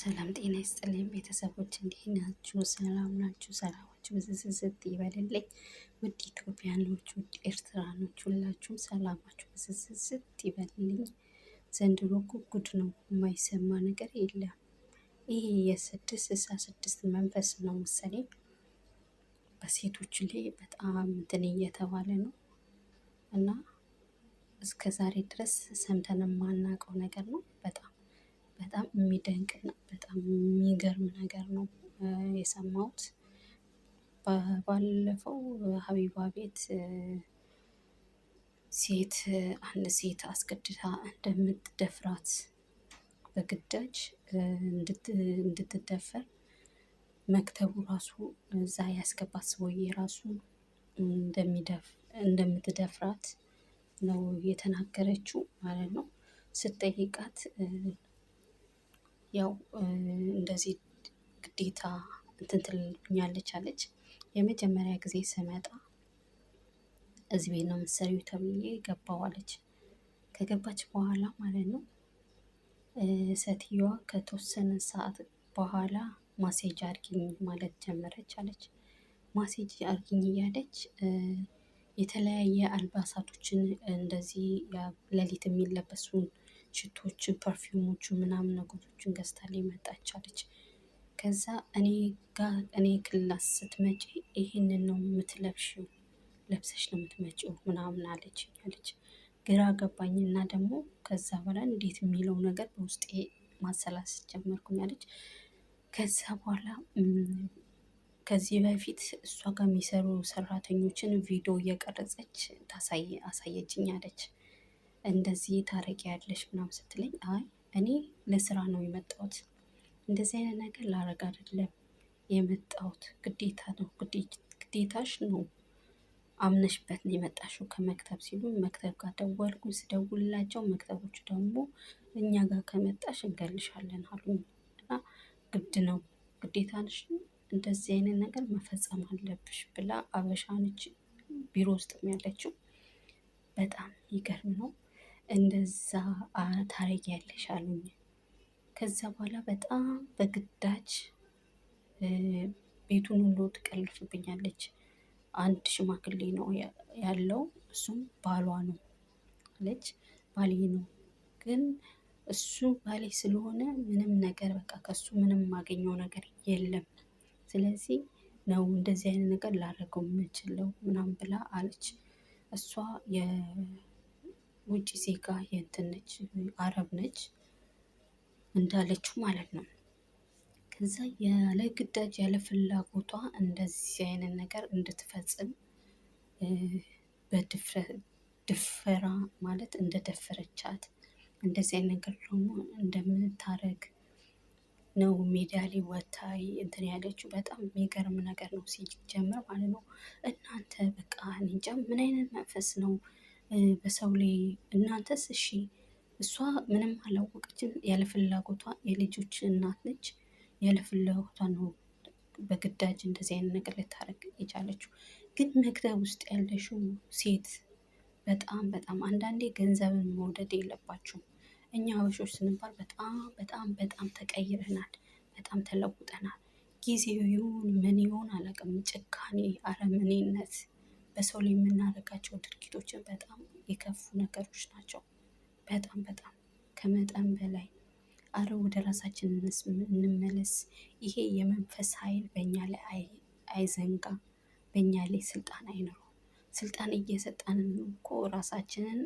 ሰላም ሰላም፣ ጤና ይስጥልኝ ቤተሰቦች፣ እንዲህ ናችሁ? ሰላም ናችሁ? ሰላማችሁ ብዝዝዝት ይበልልኝ። ውድ ኢትዮጵያኖች፣ ውድ ኤርትራኖች፣ ሁላችሁም ሰላማችሁ ብዝዝዝት ይበልልኝ። ዘንድሮ እኮ ጉድ ነው፣ የማይሰማ ነገር የለም። ይህ የስድስት እሳ ስድስት መንፈስ ነው መሰለኝ በሴቶች ላይ በጣም እንትን እየተባለ ነው እና እስከ ዛሬ ድረስ ሰምተን የማናውቀው ነገር ነው በጣም በጣም የሚደንቅ ነው። በጣም የሚገርም ነገር ነው የሰማሁት። ባለፈው ሀቢባ ቤት ሴት አንድ ሴት አስገድታ እንደምትደፍራት በግዳጅ እንድትደፈር መክተቡ ራሱ እዛ ያስገባት ሰውዬ ራሱ እንደምትደፍራት ነው የተናገረችው ማለት ነው። ስትጠይቃት ያው እንደዚህ ግዴታ እንትን ትልብኛለች አለች። የመጀመሪያ ጊዜ ስመጣ እዚህ ቤት ነው የምትሰሪው ተብዬ ገባው አለች። ከገባች በኋላ ማለት ነው ሴትዮዋ ከተወሰነ ሰዓት በኋላ ማሴጅ አርጊኝ ማለት ጀመረች አለች። ማሴጅ አርጊኝ እያለች የተለያየ አልባሳቶችን እንደዚህ ሌሊት የሚለበሱን ሽቶችን ፐርፊውሞቹን ምናምን ነገሮችን ገዝታ መጣች አለች። ከዛ እኔ ጋር እኔ ክላስ ስትመጪ ይህንን ነው የምትለብሽው ለብሰሽ ነው የምትመጪው ምናምን አለች አለች። ግራ እና ደግሞ ከዛ በኋላ እንዴት የሚለው ነገር በውስጤ ማሰላስ ጀመርኩኝ አለች። ከዛ በኋላ ከዚህ በፊት እሷ ጋር የሚሰሩ ሰራተኞችን ቪዲዮ እየቀረጸች ታሳይ አሳየችኝ አለች። እንደዚህ ያለሽ ምናምን ስትለኝ አይ እኔ ለስራ ነው የመጣሁት፣ እንደዚህ አይነት ነገር ላረግ አይደለም የመጣሁት ግዴታ ነው፣ ግዴታሽ ነው፣ አምነሽበት ነው የመጣሽው ከመክተብ ሲሉ መክተብ ጋር ደወልኩ። ስደውልላቸው መክተቦቹ ደግሞ እኛ ጋር ከመጣሽ እንገልሻለን አሉ። እና ግድ ነው ግዴታሽ እንደዚህ አይነት ነገር መፈጸም አለብሽ ብላ አበሻ ነች ቢሮ ውስጥ ያለችው። በጣም ይገርም ነው። እንደዛ ያለሽ አሉኝ። ከዛ በኋላ በጣም በግዳጅ ቤቱን ሁሉ ትቀልፍብኛለች። አንድ ሽማግሌ ነው ያለው፣ እሱም ባሏ ነው አለች። ባሌ ነው ግን እሱ ባሌ ስለሆነ ምንም ነገር በቃ ከሱ ምንም ማገኘው ነገር የለም። ስለዚህ ነው እንደዚህ አይነት ነገር ላደርገው የምችለው ምናምን ብላ አለች እሷ ውጭ ዜጋ የእንትን ነች አረብ ነች እንዳለችው ማለት ነው። ከዛ ያለ ግዳጅ ያለ ፍላጎቷ እንደዚህ አይነት ነገር እንድትፈጽም በድፈራ ማለት እንደደፈረቻት እንደዚህ አይነት ነገር ደግሞ እንደምታረግ ነው ሜዲያ ላይ ወታይ እንትን ያለችው በጣም የሚገርም ነገር ነው ሲጀምር ማለት ነው። እናንተ በቃ እንጃ ምን አይነት መንፈስ ነው በሰው ላይ እናንተስ? እሺ እሷ ምንም አላወቀችም። ያለ ፍላጎቷ የልጆች እናት ነች። ያለ ፍላጎቷ ነው በግዳጅ እንደዚህ አይነት ነገር ልታደርግ የቻለችው። ግን ንግደ ውስጥ ያለሽው ሴት በጣም በጣም አንዳንዴ ገንዘብን መውደድ የለባችሁም። እኛ አበሾች ስንባል በጣም በጣም በጣም ተቀይረናል፣ በጣም ተለውጠናል። ጊዜው ይሁን ምን ይሆን አላውቅም፣ ጭካኔ አረመኔነት በሰው ላይ የምናደርጋቸው ድርጊቶችን በጣም የከፉ ነገሮች ናቸው። በጣም በጣም ከመጠን በላይ አረ ወደ ራሳችን እንመለስ። ይሄ የመንፈስ ኃይል በእኛ ላይ አይዘንጋ፣ በእኛ ላይ ስልጣን አይኖረው። ስልጣን እየሰጠንን እኮ ራሳችንን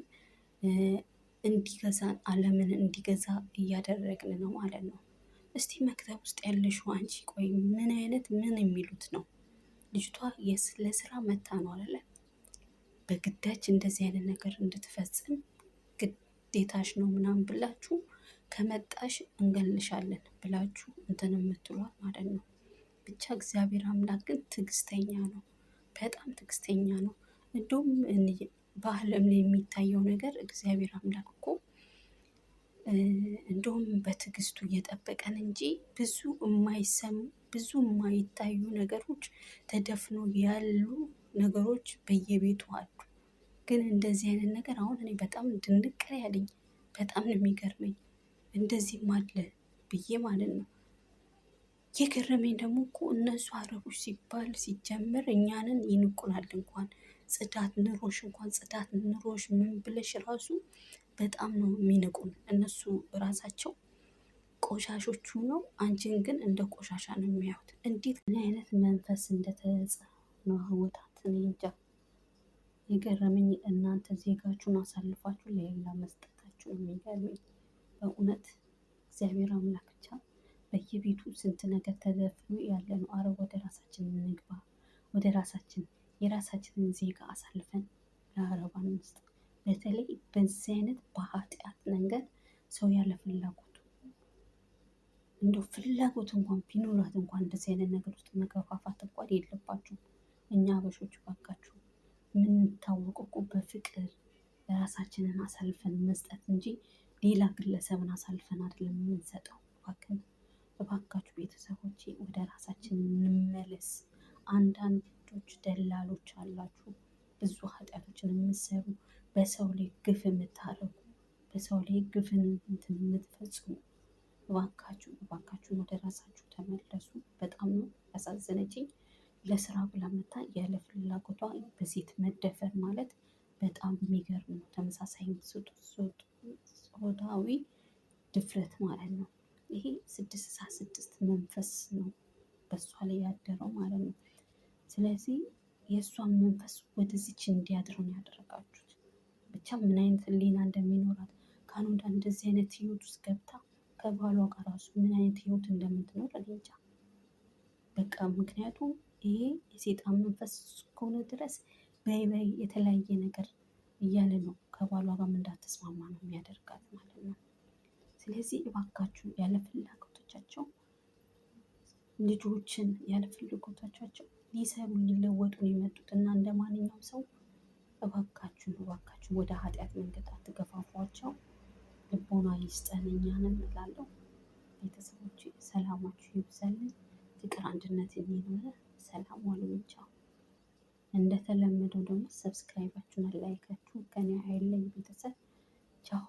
እንዲገዛን ዓለምን እንዲገዛ እያደረግን ነው ማለት ነው። እስቲ መክተብ ውስጥ ያለሽው አንቺ ቆይ ምን አይነት ምን የሚሉት ነው ልጅቷ ለስራ መታ ነው አለ። በግዳጅ እንደዚህ አይነት ነገር እንድትፈጽም ግዴታሽ ነው ምናምን ብላችሁ ከመጣሽ እንገልሻለን ብላችሁ እንትን የምትሏል ማለት ነው። ብቻ እግዚአብሔር አምላክ ግን ትዕግስተኛ ነው፣ በጣም ትዕግስተኛ ነው። እንዲሁም በዓለም ላይ የሚታየው ነገር እግዚአብሔር አምላክ እኮ እንደውም በትዕግስቱ እየጠበቀን እንጂ ብዙ የማይሰሙ ብዙ የማይታዩ ነገሮች ተደፍኖ ያሉ ነገሮች በየቤቱ አሉ። ግን እንደዚህ አይነት ነገር አሁን እኔ በጣም ድንቅር ያለኝ በጣም ነው የሚገርመኝ። እንደዚህም አለ ብዬ ማለት ነው። የገረመኝ ደግሞ እኮ እነሱ አረቦች ሲባል ሲጀምር እኛንን ይንቁናል እንኳን ጽዳት ኑሮሽ እንኳን ጽዳት ኑሮሽ ምን ብለሽ ራሱ በጣም ነው የሚንቁን እነሱ ራሳቸው ቆሻሾቹ ነው። አንቺን ግን እንደ ቆሻሻ ነው የሚያዩት። እንዴት ምን አይነት መንፈስ ነው እኔ እንጃ። የገረመኝ እናንተ ዜጋችሁን አሳልፋችሁ ለሌላ መስጠታችሁ የሚገርመኝ በእውነት እግዚአብሔር አምላክ ብቻ። በየቤቱ ስንት ነገር ተደፍኖ ያለ ነው። አረ ወደ ራሳችን እንግባ፣ ወደ ራሳችን የራሳችንን ዜጋ አሳልፈን ለአረባን ውስጥ በተለይ በዚህ አይነት በኃጢአት መንገድ ሰው ያለ ፍላጎቱ እንደው ፍላጎት እንኳን ቢኖራት እንኳን እንደዚህ አይነት ነገር ውስጥ መገፋፋት እንኳን የለባችሁ። እኛ አበሾች ባካችሁ የምንታወቀው እኮ በፍቅር ራሳችንን አሳልፈን መስጠት እንጂ ሌላ ግለሰብን አሳልፈን አይደለም የምንሰጠው። እባክን እባካችሁ ቤተሰቦች ወደ ራሳችን እንመለስ። አንዳንድ ሻጮች፣ ደላሎች አላችሁ። ብዙ ኃጢአቶችን የምትሰሩ በሰው ላይ ግፍ የምታደርጉ በሰው ላይ ግፍን እንትን የምትፈጽሙ እባካችሁ እባካችሁ ወደ ራሳችሁ ተመለሱ። በጣም ነው ያሳዘነችኝ። ለስራ ብላ መታ ያለ ፍላጎቷ በሴት መደፈር ማለት በጣም የሚገርም ነው። ተመሳሳይ ጾታዊ ድፍረት ማለት ነው። ይሄ ስድስት ሳ ስድስት መንፈስ ነው በእሷ ላይ ያደረው ማለት ነው። ስለዚህ የእሷን መንፈስ ወደዚች እንዲያድር ነው ያደረጋችሁት። ብቻ ምን አይነት ህሊና እንደሚኖራት ካናዳ እንደዚህ አይነት ህይወት ውስጥ ገብታ ከባሏ ጋር ራሱ ምን አይነት ህይወት እንደምትኖር እኔ እንጃ። በቃ ምክንያቱም ይሄ የሴጣን መንፈስ እስከሆነ ድረስ በይ በይ የተለያየ ነገር እያለ ነው ከባሏ ጋር እንዳትስማማ ነው የሚያደርጋት ማለት ነው። ስለዚህ እባካችሁ ያለ ፍላጎቶቻቸው ልጆችን ያለ ፍላጎቶቻቸው ሊሰሩ ሊለወጡ ነው የመጡት እና እንደ ማንኛውም ሰው እባካችሁ እባካችሁ ወደ ኃጢአት መንገድ አትገፋፏቸው። ልቦና ይስጠን እኛንም እላለሁ። ቤተሰቦች ሰላማችሁ ይብዛልን። ፍቅር አንድነት የሚኖረ ሰላም ዋልምቻ። እንደተለመደው ደግሞ ሰብስክራይባችሁን ላይካችሁ ከኔ አይለይ ቤተሰብ ቻው።